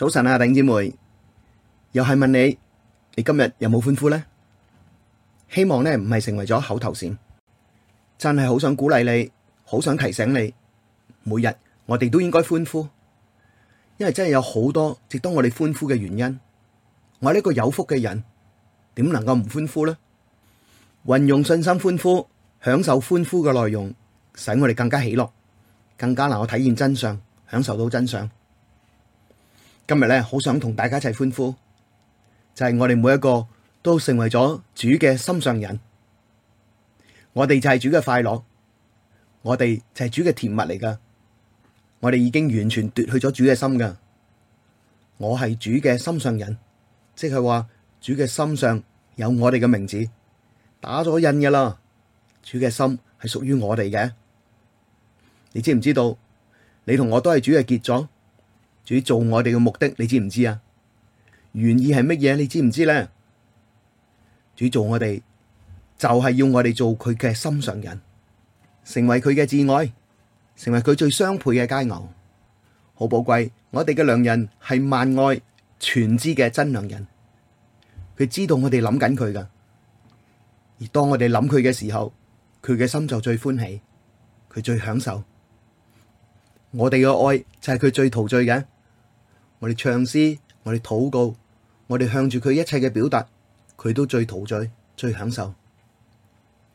早晨啊，頂姐妹，又係問你，你今日有冇歡呼呢？希望呢唔係成為咗口頭禪，真係好想鼓勵你，好想提醒你，每日我哋都應該歡呼，因為真係有好多值得我哋歡呼嘅原因。我係呢個有福嘅人，點能夠唔歡呼呢？運用信心歡呼，享受歡呼嘅內容，使我哋更加喜樂，更加能夠體驗真相，享受到真相。今日咧，好想同大家一齊歡呼，就係、是、我哋每一個都成為咗主嘅心上人，我哋就係主嘅快樂，我哋就係主嘅甜蜜嚟噶我哋已經完全奪去咗主嘅心噶我係主嘅心上人，即係話主嘅心上有我哋嘅名字，打咗印噶啦，主嘅心係屬於我哋嘅，你知唔知道？你同我都係主嘅傑作。主做我哋嘅目的，你知唔知啊？原意係乜嘢？你知唔知咧？主做我哋就係、是、要我哋做佢嘅心上人，成為佢嘅至愛，成為佢最相配嘅佳偶。好寶貴，我哋嘅良人係萬愛全知嘅真良人，佢知道我哋諗緊佢噶。而當我哋諗佢嘅時候，佢嘅心就最歡喜，佢最享受。我哋嘅愛就係佢最陶醉嘅，我哋唱詩，我哋禱告，我哋向住佢一切嘅表達，佢都最陶醉、最享受，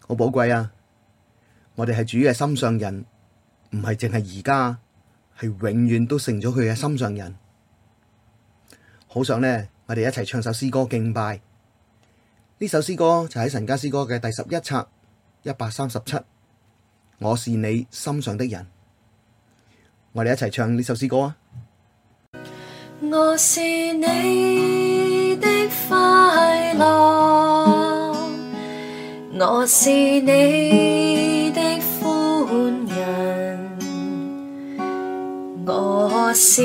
好寶貴啊！我哋係主嘅心上人，唔係淨係而家，係永遠都成咗佢嘅心上人。好想呢，我哋一齊唱首詩歌敬拜。呢首詩歌就喺《神家詩歌》嘅第十一冊一百三十七，我是你心上的人。我哋一齊唱呢首詩歌啊！我是你的快樂，我是你的歡欣，我是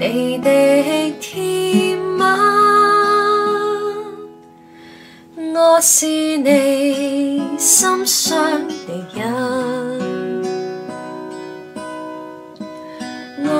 你嘅甜蜜，我是你心上嘅人。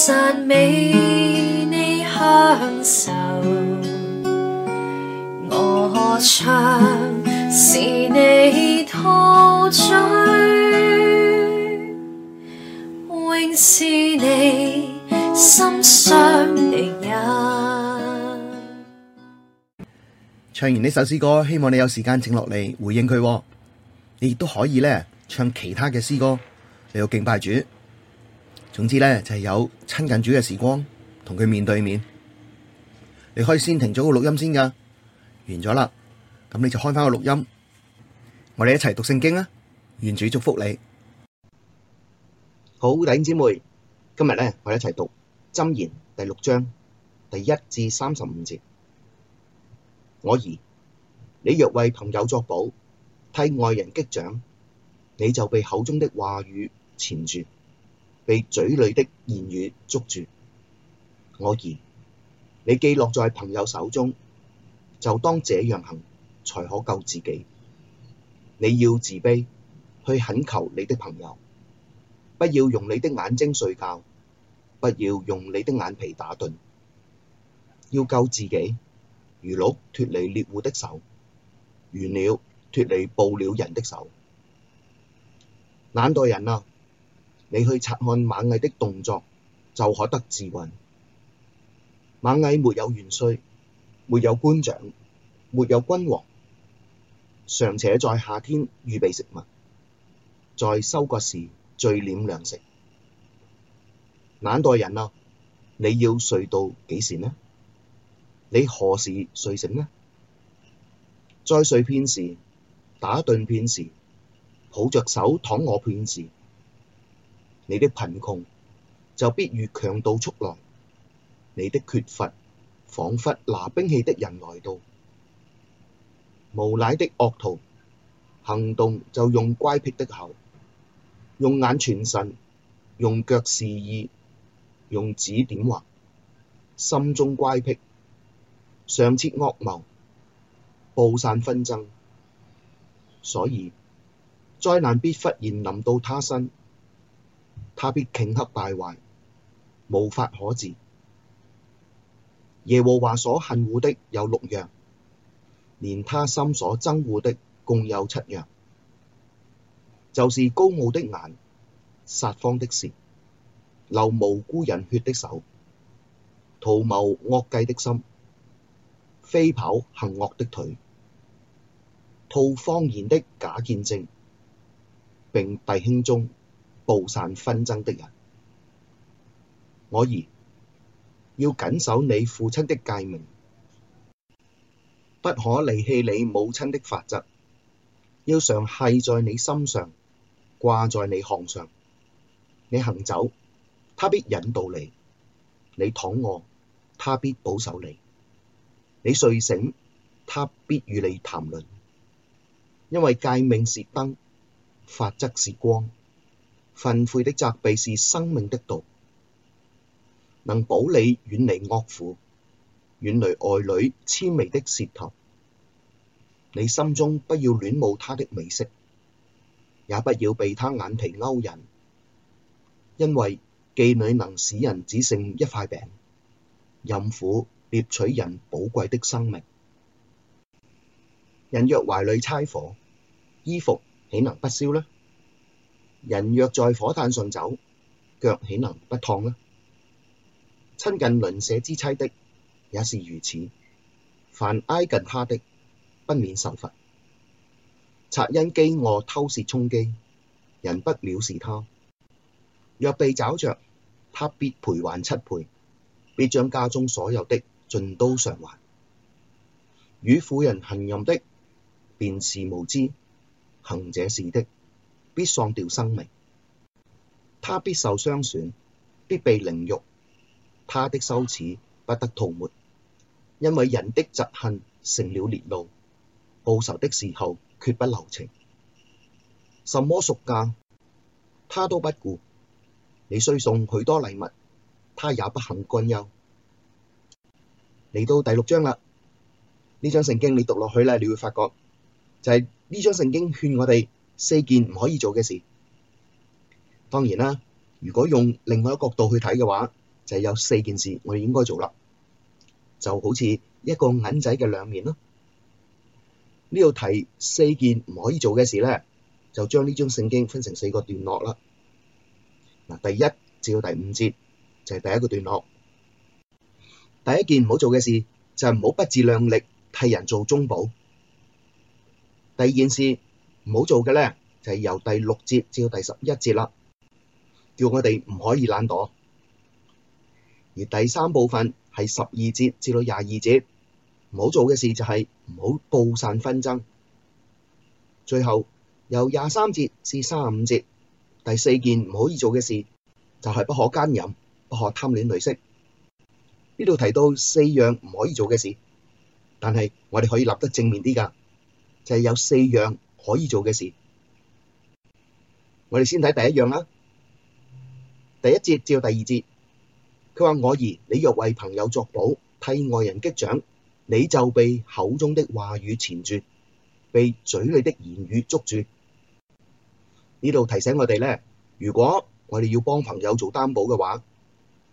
讚美你享受，我唱詩你陶醉，永是你心上的人。唱完呢首詩歌，希望你有時間靜落嚟回應佢、哦。你亦都可以咧唱其他嘅詩歌嚟到敬拜主。總之咧，就係、是、有親近主嘅時光，同佢面對面。你可以先停咗個錄音先噶，完咗啦，咁你就開翻個錄音，我哋一齊讀聖經啊！願主祝福你。好，弟兄姊妹，今日咧，我哋一齊讀箴言第六章第一至三十五節。我兒，你若為朋友作保，替外人擊掌，你就被口中的話語纏住。被嘴裡的言語捉住，我兒，你既落在朋友手中，就當這樣行，才可救自己。你要自卑，去懇求你的朋友，不要用你的眼睛睡覺，不要用你的眼皮打盹，要救自己。如鹿脫離獵戶的手，如鳥脫離捕鳥人的手，懶惰人啊！你去察看螞蟻的動作，就可得智慧。螞蟻沒有元帥，沒有官長，沒有君王，尚且在夏天預備食物，在收割時聚斂糧食。懶惰人啊，你要睡到幾時呢？你何時睡醒呢？再睡片時，打盹片時，抱着手躺臥片時。你的貧窮就必如強盜速來，你的缺乏仿佛拿兵器的人來到，無賴的惡徒行動就用乖僻的口，用眼傳神，用腳示意，用指點劃，心中乖僻，常設惡謀，布散紛爭，所以災難必忽然臨到他身。他必頃刻敗壞，無法可治。耶和華所恨惡的有六樣，連他心所憎惡的共有七樣，就是高傲的眼、撒謊的舌、流無辜人血的手、圖謀惡計的心、飛跑行惡的腿、吐謊言的假見證，並弟兄中，布散紛爭的人，我兒要謹守你父親的誡命，不可離棄你母親的法則。要常繫在你心上，掛在你項上。你行走，他必引導你；你躺臥，他必保守你；你睡醒，他必與你談論。因為誡命是燈，法則是光。訓誨的責備是生命的道，能保你遠離惡婦、遠離外女諂媚的舌頭。你心中不要戀慕她的美色，也不要被她眼皮勾引，因為妓女能使人只剩一塊餅，淫婦獵取人寶貴的生命。人若懷裏搋火，衣服豈能不燒呢？人若在火炭上走，腳豈能不燙呢？親近鄰舍之妻的也是如此，凡挨近他的，不免受罰。賊因飢餓偷竊充飢，人不藐視他，若被找着，他必賠還七倍，必將家中所有的盡都償還。與婦人行淫的，便是無知；行這事的，必喪掉生命，他必受傷損，必被凌辱，他的羞恥不得塗抹，因為人的嫉恨成了烈怒，報仇的時候決不留情。什麼贖價，他都不顧。你雖送許多禮物，他也不肯干休。嚟到第六章啦，呢章聖經你讀落去啦，你會發覺就係呢章聖經勸我哋。四件唔可以做嘅事，當然啦。如果用另外一個角度去睇嘅話，就有四件事我哋應該做啦，就好似一個銀仔嘅兩面咯。呢度提四件唔可以做嘅事咧，就將呢張聖經分成四個段落啦。嗱，第一至到第五節就係、是、第一個段落。第一件唔好做嘅事就係唔好不自量力替人做中保。第二件事。唔好做嘅咧，就係、是、由第六節至到第十一節啦，叫我哋唔可以懶惰；而第三部分係十二節至到廿二節，唔好做嘅事就係唔好布散紛爭。最後由廿三節至三十五節，第四件唔可以做嘅事就係不可奸淫、不可貪戀女色。呢度提到四樣唔可以做嘅事，但係我哋可以立得正面啲噶，就係、是、有四樣。可以做嘅事，我哋先睇第一樣啦。第一節至到第二節，佢話：我兒，你若為朋友作保，替外人擊掌，你就被口中的話語纏住，被嘴裏的言語捉住。呢度提醒我哋咧，如果我哋要幫朋友做擔保嘅話，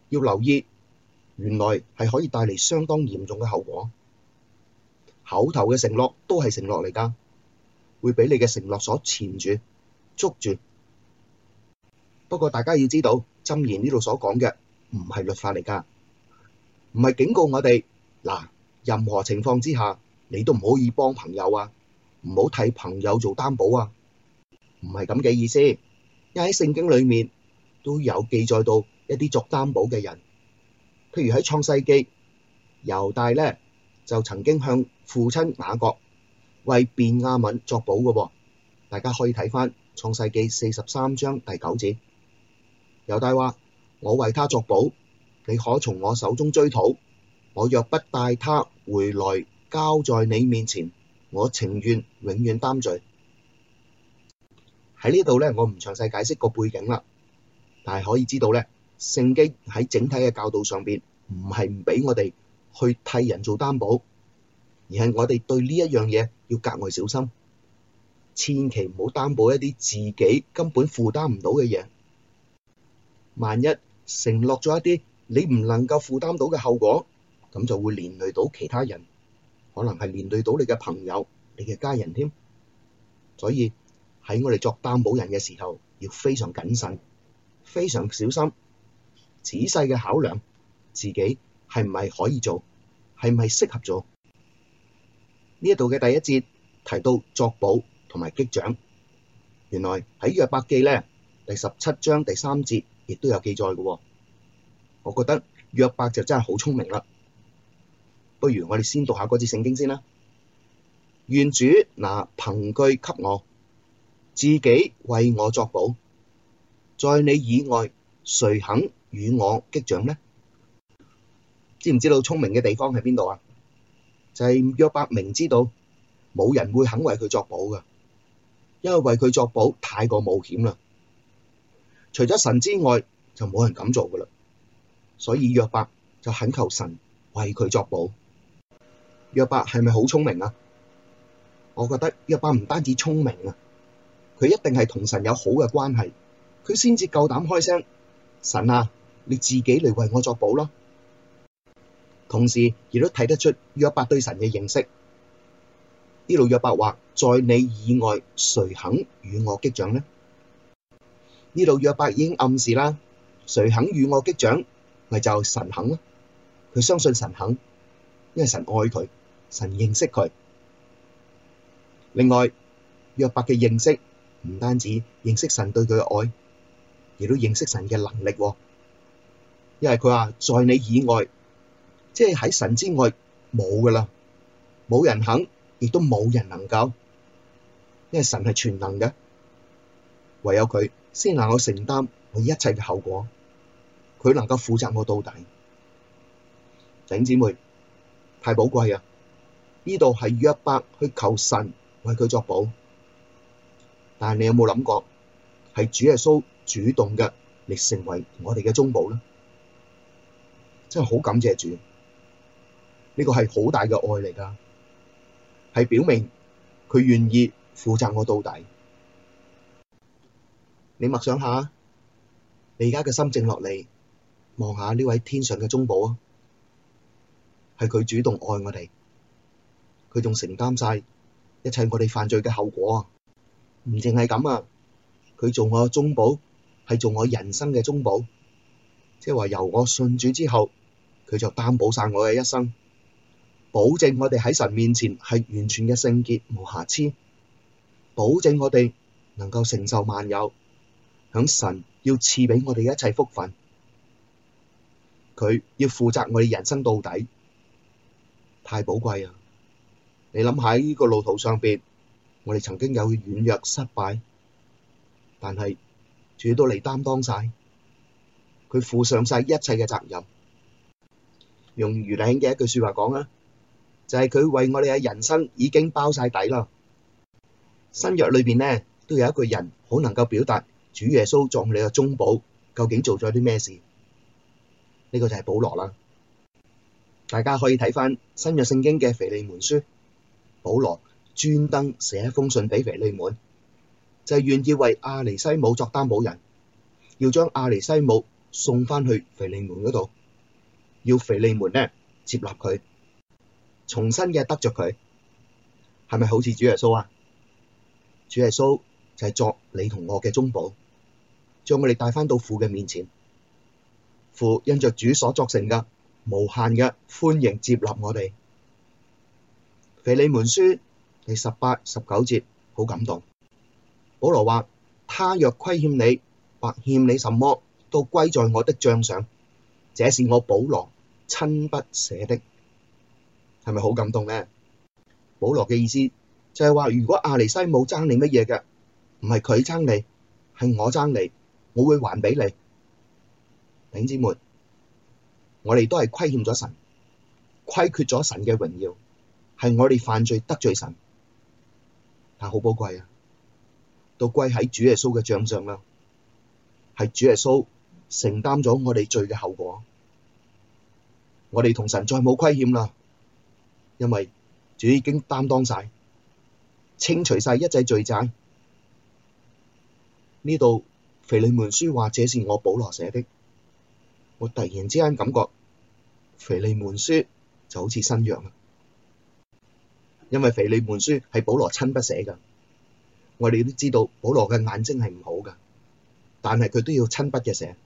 要留意，原來係可以帶嚟相當嚴重嘅後果。口頭嘅承諾都係承諾嚟㗎。會俾你嘅承諾所纏住、捉住。不過大家要知道，箴言呢度所講嘅唔係律法嚟噶，唔係警告我哋嗱、啊，任何情況之下你都唔可以幫朋友啊，唔好替朋友做擔保啊，唔係咁嘅意思。因為喺聖經裏面都有記載到一啲作擔保嘅人，譬如喺創世記，猶大咧就曾經向父親雅各。為便雅憫作保嘅，大家可以睇翻創世記四十三章第九節，猶大話：我為他作保，你可從我手中追討。我若不帶他回來交在你面前，我情願永遠擔罪。喺呢度咧，我唔詳細解釋個背景啦，但係可以知道咧，聖經喺整體嘅教導上邊，唔係唔俾我哋去替人做擔保，而係我哋對呢一樣嘢。要格外小心，千祈唔好擔保一啲自己根本負擔唔到嘅嘢。萬一承諾咗一啲你唔能夠負擔到嘅後果，咁就會連累到其他人，可能係連累到你嘅朋友、你嘅家人添。所以喺我哋作擔保人嘅時候，要非常謹慎、非常小心、仔細嘅考量自己係唔係可以做，係唔係適合做。呢度嘅第一節提到作保同埋擊掌，原來喺約伯記咧第十七章第三節亦都有記載嘅喎。我覺得約伯就真係好聰明啦，不如我哋先讀下嗰節聖經先啦。願主拿憑據給我，自己為我作保，在你以外誰肯與我擊掌呢？知唔知道聰明嘅地方喺邊度啊？就係約伯明知道冇人會肯為佢作保噶，因為為佢作保太過冒險啦。除咗神之外，就冇人敢做噶啦。所以約伯就懇求神為佢作保。約伯係咪好聰明啊？我覺得約伯唔單止聰明啊，佢一定係同神有好嘅關係，佢先至夠膽開聲。神啊，你自己嚟為我作保囉！同時，亦都睇得出約伯對神嘅認識。呢度約伯話：在你以外，誰肯與我擊掌呢？呢度約伯已經暗示啦，誰肯與我擊掌，咪就神肯咯。佢相信神肯，因為神愛佢，神認識佢。另外，約伯嘅認識唔單止認識神對佢嘅愛，亦都認識神嘅能力。因為佢話：在你以外。即係喺神之外冇噶啦，冇人肯，亦都冇人能夠，因為神係全能嘅，唯有佢先能夠承擔我一切嘅後果，佢能夠負責我到底。弟兄姊妹，太寶貴啊！呢度係約伯去求神為佢作保，但係你有冇諗過係主耶穌主動嘅嚟成為我哋嘅中保咧？真係好感謝主。呢個係好大嘅愛嚟㗎，係表明佢願意負責我到底。你默想下，你而家嘅心靜落嚟望下呢位天上嘅中保啊，係佢主動愛我哋，佢仲承擔晒一切我哋犯罪嘅後果啊。唔淨係咁啊，佢做我嘅中保，係做我人生嘅中保，即係話由我信主之後，佢就擔保晒我嘅一生。保證我哋喺神面前係完全嘅聖潔，無瑕疵；保證我哋能夠承受萬有，響神要賜畀我哋一切福分。佢要負責我哋人生到底，太寶貴啦！你諗下，呢個路途上邊，我哋曾經有軟弱、失敗，但係主都嚟擔當晒，佢負上晒一切嘅責任。用余嶺嘅一句說話講啦。就係佢為我哋嘅人生已經包晒底啦。新約裏邊咧都有一個人好能夠表達主耶穌作你嘅中保，究竟做咗啲咩事？呢、這個就係保羅啦。大家可以睇翻新約聖經嘅腓利門書，保羅專登寫一封信俾腓利門，就係、是、願意為阿尼西姆作擔保人，要將阿尼西姆送返去腓利門嗰度，要腓利門咧接納佢。重新嘅得着佢，係咪好似主耶穌啊？主耶穌就係作你同我嘅中保，將我哋帶返到父嘅面前。父因着主所作成嘅，無限嘅歡迎接納我哋。腓利門書第十八、十九節好感動。保羅話，他若虧欠你，或欠你什麼，都歸在我的賬上。這是我保羅親筆寫的。係咪好感動咧？保羅嘅意思就係話，如果阿尼西冇爭你乜嘢嘅，唔係佢爭你，係我爭你，我會還俾你。弟兄姊妹，我哋都係虧欠咗神，虧缺咗神嘅榮耀，係我哋犯罪得罪神。但好寶貴啊，都歸喺主耶穌嘅帳上啦，係主耶穌承擔咗我哋罪嘅後果，我哋同神再冇虧欠啦。因為主已經擔當晒，清除晒一切罪債，呢度，腓利門書話這是我保羅寫的，我突然之間感覺腓利門書就好似新約，因為腓利門書係保羅親筆寫㗎，我哋都知道保羅嘅眼睛係唔好㗎，但係佢都要親筆嘅寫，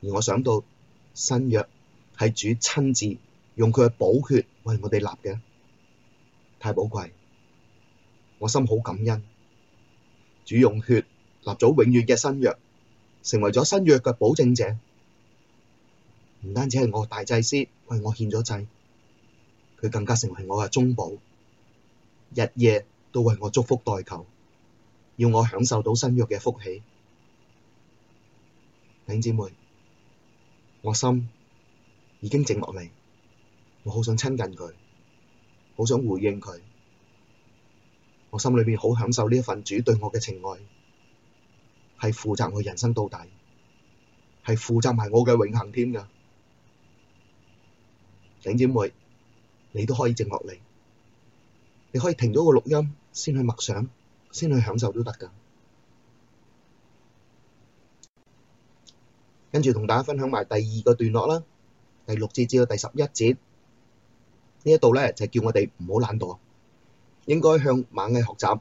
而我想到新約係主親自。用佢嘅補血為，為我哋立嘅太寶貴，我心好感恩。主用血立咗永遠嘅新約，成為咗新約嘅保證者。唔單止係我大祭司，為我獻咗祭，佢更加成為我嘅中保，日夜都為我祝福代求，要我享受到新約嘅福氣。弟兄姊妹，我心已經靜落嚟。我好想親近佢，好想回應佢。我心裏面好享受呢份主對我嘅情愛，係負責我人生到底，係負責埋我嘅永恆添噶。弟姊妹，你都可以靜落嚟，你可以停咗個錄音，先去默想，先去享受都得噶。跟住同大家分享埋第二個段落啦，第六節至到第十一節。呢度咧就是、叫我哋唔好懶惰，應該向螞蟻學習，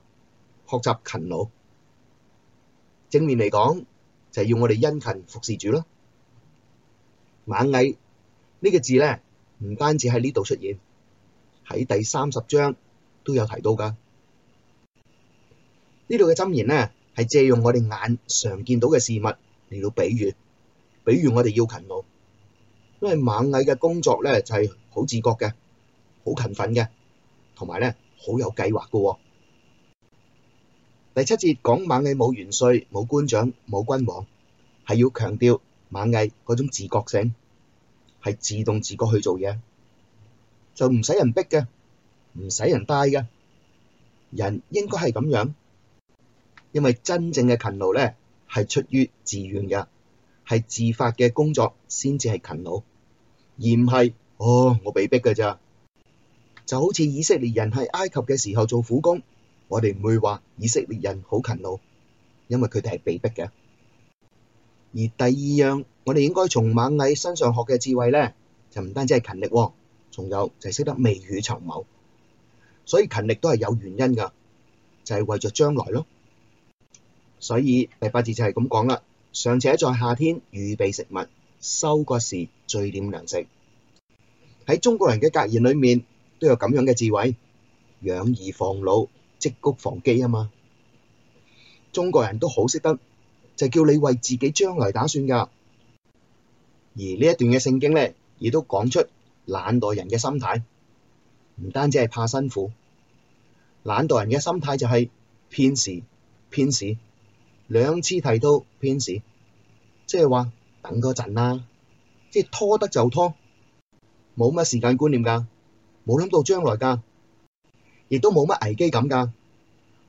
學習勤勞。正面嚟講就係、是、要我哋殷勤服侍主咯。螞蟻呢、這個字咧唔單止喺呢度出現，喺第三十章都有提到噶。針呢度嘅箴言咧係借用我哋眼常見到嘅事物嚟到比喻，比喻我哋要勤勞，因為螞蟻嘅工作咧就係、是、好自覺嘅。好勤奮嘅，同埋咧好有計劃嘅。第七節講螞蟻冇元帥、冇官長、冇君王，係要強調螞蟻嗰種自覺性，係自動自覺去做嘢，就唔使人逼嘅，唔使人帶嘅。人應該係咁樣，因為真正嘅勤勞咧係出於自願嘅，係自發嘅工作先至係勤勞，而唔係哦我被逼嘅咋。就好似以色列人喺埃及嘅時候做苦工，我哋唔會話以色列人好勤勞，因為佢哋係被迫嘅。而第二樣，我哋應該從螞蟻身上學嘅智慧呢，就唔單止係勤力喎，仲有就係識得未雨綢繆。所以勤力都係有原因嘅，就係為咗將來囉。所以，第八節就係咁講啦，尚且在夏天，預備食物，收割時聚斂糧食。喺中國人嘅格言裏面，都有咁樣嘅智慧，養兒防老，積穀防飢啊嘛，中國人都好識得，就叫你為自己將來打算噶。而呢一段嘅聖經呢，亦都講出懶惰人嘅心態，唔單止係怕辛苦，懶惰人嘅心態就係偏時偏時，兩次提到偏時，即係話等個陣啦，即係拖得就拖，冇乜時間觀念噶。冇諗到將來噶，亦都冇乜危機感噶，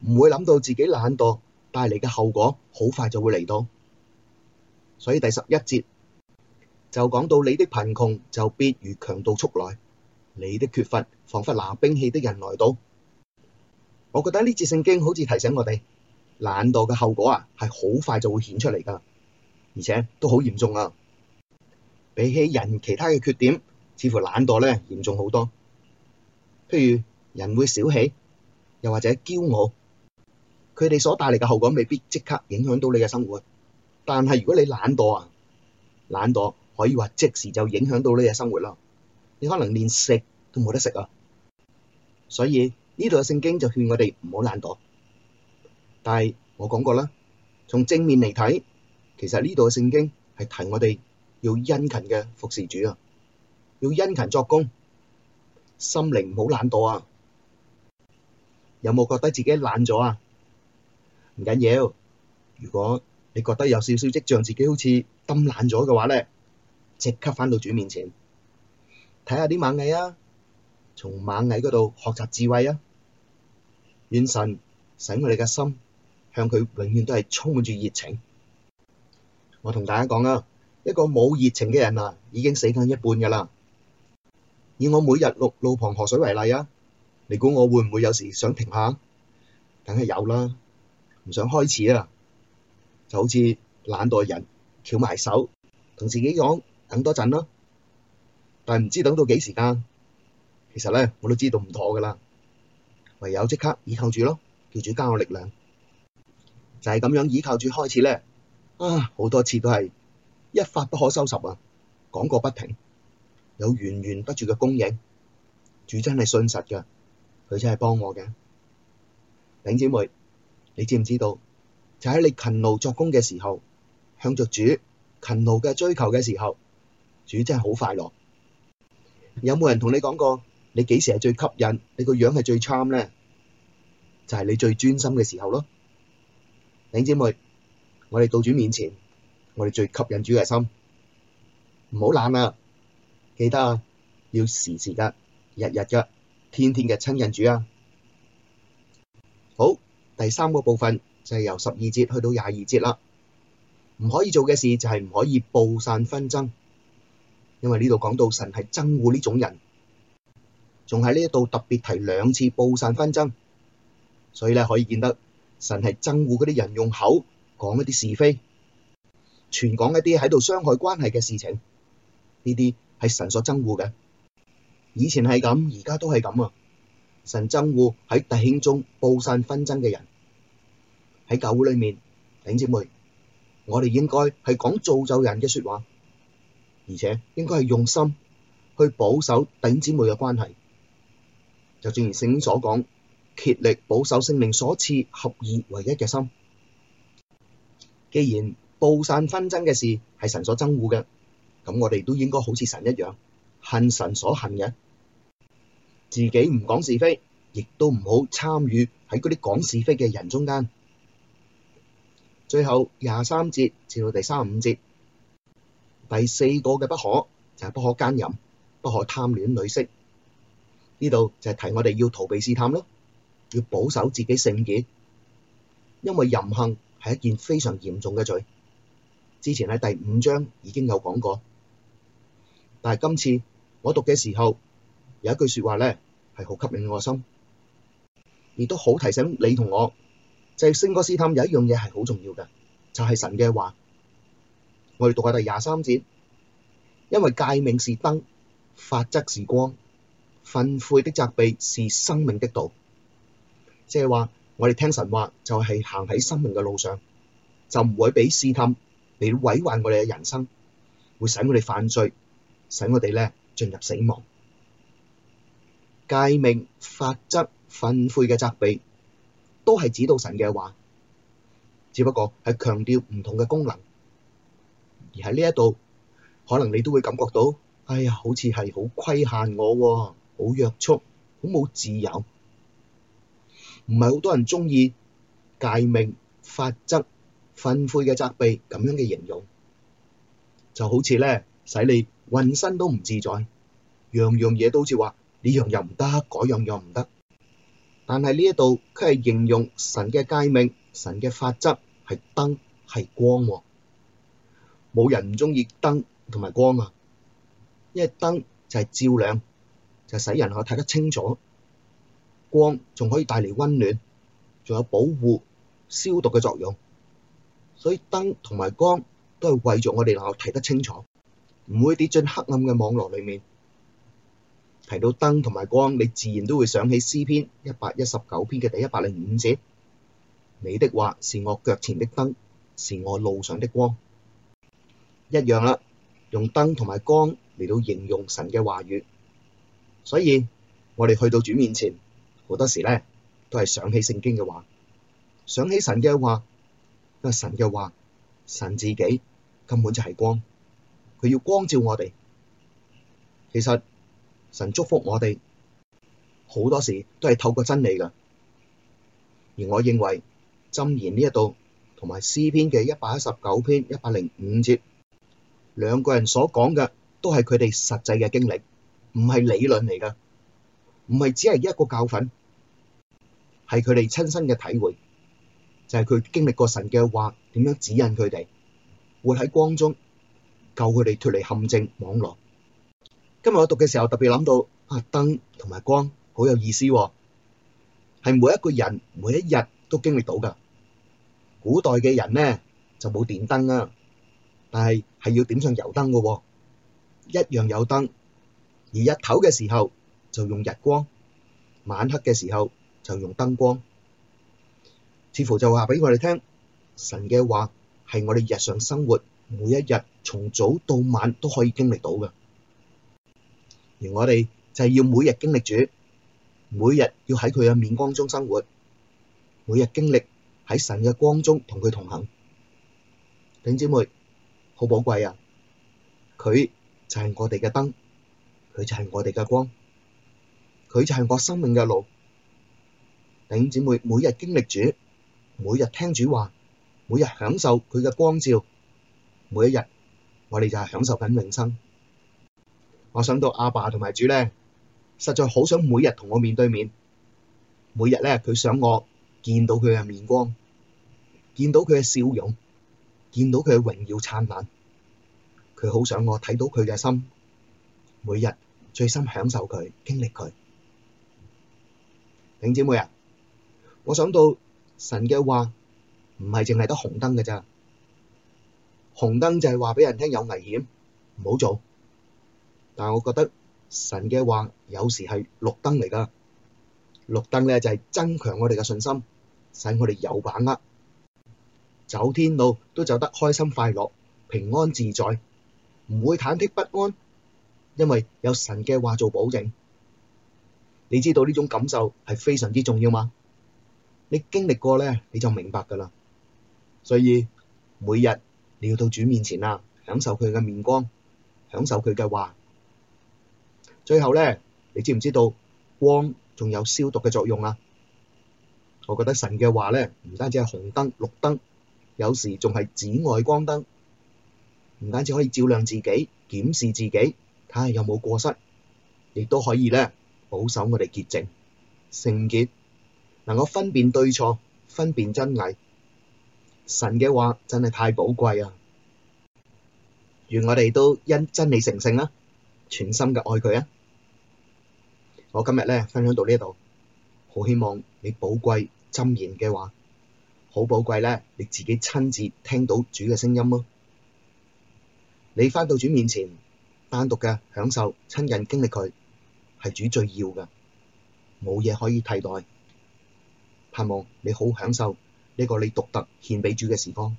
唔會諗到自己懶惰帶嚟嘅後果好快就會嚟到。所以第十一節就講到你的貧窮就必如強盜速來，你的缺乏仿佛拿兵器的人來到。我覺得呢節聖經好似提醒我哋懶惰嘅後果啊，係好快就會顯出嚟噶，而且都好嚴重啊。比起人其他嘅缺點，似乎懶惰呢嚴重好多。譬如人會小氣，又或者驕傲，佢哋所帶嚟嘅後果未必即刻影響到你嘅生活，但係如果你懶惰啊，懶惰可以話即時就影響到你嘅生活啦。你可能連食都冇得食啊，所以呢度嘅聖經就勸我哋唔好懶惰。但係我講過啦，從正面嚟睇，其實呢度嘅聖經係提我哋要殷勤嘅服侍主啊，要殷勤作工。心靈唔好懶惰啊！有冇覺得自己懶咗啊？唔緊要，如果你覺得有少少跡象自己好似冧懶咗嘅話咧，即刻返到主面前，睇下啲螞蟻啊，從螞蟻嗰度學習智慧啊！願神使我哋嘅心向佢永遠都係充滿住熱情。我同大家講啊，一個冇熱情嘅人啊，已經死緊一半噶啦。以我每日六路旁河水為例啊，你估我會唔會有時想停下？梗係有啦，唔想開始啊，就好似懶惰人，翹埋手，同自己講等多陣咯、啊。但係唔知等到幾時間，其實咧我都知道唔妥噶啦，唯有即刻倚靠住咯，叫主加我力量，就係、是、咁樣倚靠住開始咧。啊，好多次都係一發不可收拾啊，講個不停。有源源不絕嘅供應，主真係信實嘅，佢真係幫我嘅。頂姐妹，你知唔知道？就喺、是、你勤勞作工嘅時候，向着主勤勞嘅追求嘅時候，主真係好快樂。有冇人同你講過，你幾時係最吸引，你個樣係最 charm 呢？就係、是、你最專心嘅時候咯。頂姐妹，我哋到主面前，我哋最吸引主嘅心，唔好懶啊！記得啊，要時時噶、日日噶、天天嘅親人主啊。好，第三個部分就係、是、由十二節去到廿二節啦。唔可以做嘅事就係唔可以布散紛爭，因為呢度講到神係憎惡呢種人，仲喺呢一度特別提兩次布散紛爭，所以咧可以見得神係憎惡嗰啲人用口講一啲是非，全講一啲喺度傷害關係嘅事情呢啲。係神所憎惡嘅，以前係咁，而家都係咁啊！神憎惡喺弟兄中布散紛爭嘅人。喺教會裏面，弟兄姊妹，我哋應該係講造就人嘅說話，而且應該係用心去保守弟兄姐妹嘅關係。就正如聖經所講，竭力保守聖靈所賜合二為一嘅心。既然布散紛爭嘅事係神所憎惡嘅。咁我哋都應該好似神一樣，恨神所恨嘅，自己唔講是非，亦都唔好參與喺嗰啲講是非嘅人中間。最後廿三節至到第三五節，第四個嘅不可就係、是、不可奸淫，不可貪戀女色。呢度就係提我哋要逃避試探咯，要保守自己聖潔，因為淫行係一件非常嚴重嘅罪。之前喺第五章已經有講過。但係今次我讀嘅時候有一句説話咧，係好吸引我心，亦都好提醒你同我。就係、是、勝過試探有一樣嘢係好重要嘅，就係、是、神嘅話。我哋讀下第廿三節，因為誡命是燈，法則是光，訓誨的責備是生命的道。即係話我哋聽神話就係行喺生命嘅路上，就唔會俾試探嚟毀壞我哋嘅人生，會使我哋犯罪。使我哋咧進入死亡。誡命法則訓誨嘅責備，都係指導神嘅話，只不過係強調唔同嘅功能。而喺呢一度，可能你都會感覺到，哎呀，好似係好規限我，哦，好約束，好冇自由。唔係好多人鍾意誡命法則訓誨嘅責備咁樣嘅形容，就好似咧使你，渾身都唔自在，樣樣嘢，都似話呢樣又唔得，嗰樣又唔得。但係呢一度佢係形容神嘅誡命、神嘅法則係燈係光，冇人唔中意燈同埋光啊！因為燈就係照亮，就是、使人可睇得清楚；光仲可以帶嚟溫暖，仲有保護、消毒嘅作用。所以燈同埋光都係為咗我哋能夠睇得清楚。唔會跌進黑暗嘅網絡裏面。提到燈同埋光，你自然都會想起詩篇一百一十九篇嘅第一百零五節：你的話是我腳前的燈，是我路上的光。一樣啦，用燈同埋光嚟到形容神嘅話語。所以我哋去到主面前，好多時咧都係想起聖經嘅話，想起神嘅話，因為神嘅話，神自己根本就係光。佢要光照我哋，其實神祝福我哋好多時都係透過真理噶。而我認為《箴言》呢一度同埋《詩篇》嘅一百一十九篇一百零五節，兩個人所講嘅都係佢哋實際嘅經歷，唔係理論嚟噶，唔係只係一個教訓，係佢哋親身嘅體會，就係、是、佢經歷過神嘅話點樣指引佢哋活喺光中。救佢哋脫離陷阱網絡。今日我讀嘅時候特別諗到、啊、燈同埋光，好有意思喎、哦。係每一個人每一日都經歷到㗎。古代嘅人呢，就冇電燈啊，但係係要點上油燈嘅、哦，一樣有燈。而日頭嘅時候就用日光，晚黑嘅時候就用燈光。似乎就話俾我哋聽，神嘅話係我哋日常生活每一日。從早到晚都可以經歷到嘅，而我哋就係要每日經歷主，每日要喺佢嘅面光中生活，每日經歷喺神嘅光中同佢同行。弟姊妹，好寶貴啊！佢就係我哋嘅燈，佢就係我哋嘅光，佢就係我生命嘅路。弟姊妹，每日經歷主，每日聽主話，每日享受佢嘅光照，每一日。我哋就係享受緊永生。我想到阿爸同埋主咧，實在好想每日同我面對面，每日咧佢想我見到佢嘅面光，見到佢嘅笑容，見到佢嘅榮耀燦爛，佢好想我睇到佢嘅心，每日最深享受佢經歷佢。弟兄姊妹啊，我想到神嘅話唔係淨係得紅燈嘅咋。紅燈就係話俾人聽有危險，唔好做。但係我覺得神嘅話有時係綠燈嚟噶，綠燈咧就係增強我哋嘅信心，使我哋有把握走天路都走得開心快樂、平安自在，唔會忐忑不安，因為有神嘅話做保證。你知道呢種感受係非常之重要嘛？你經歷過咧，你就明白噶啦。所以每日。要到主面前啦，享受佢嘅面光，享受佢嘅話。最後咧，你知唔知道光仲有消毒嘅作用啊？我覺得神嘅話咧，唔單止係紅燈、綠燈，有時仲係紫外光燈，唔單止可以照亮自己、檢視自己，睇下有冇過失，亦都可以咧，保守我哋潔淨、聖潔，能夠分辨對錯、分辨真偽。神嘅話真係太寶貴啊！願我哋都因真理成聖啦、啊，全心嘅愛佢啊！我今日咧分享到呢度，好希望你寶貴真言嘅話，好寶貴咧，你自己親自聽到主嘅聲音咯、啊。你翻到主面前，單獨嘅享受、親人經歷佢，係主最要嘅，冇嘢可以替代。盼望你好享受。呢個你獨特獻畀主嘅時光，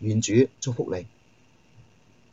願主祝福你。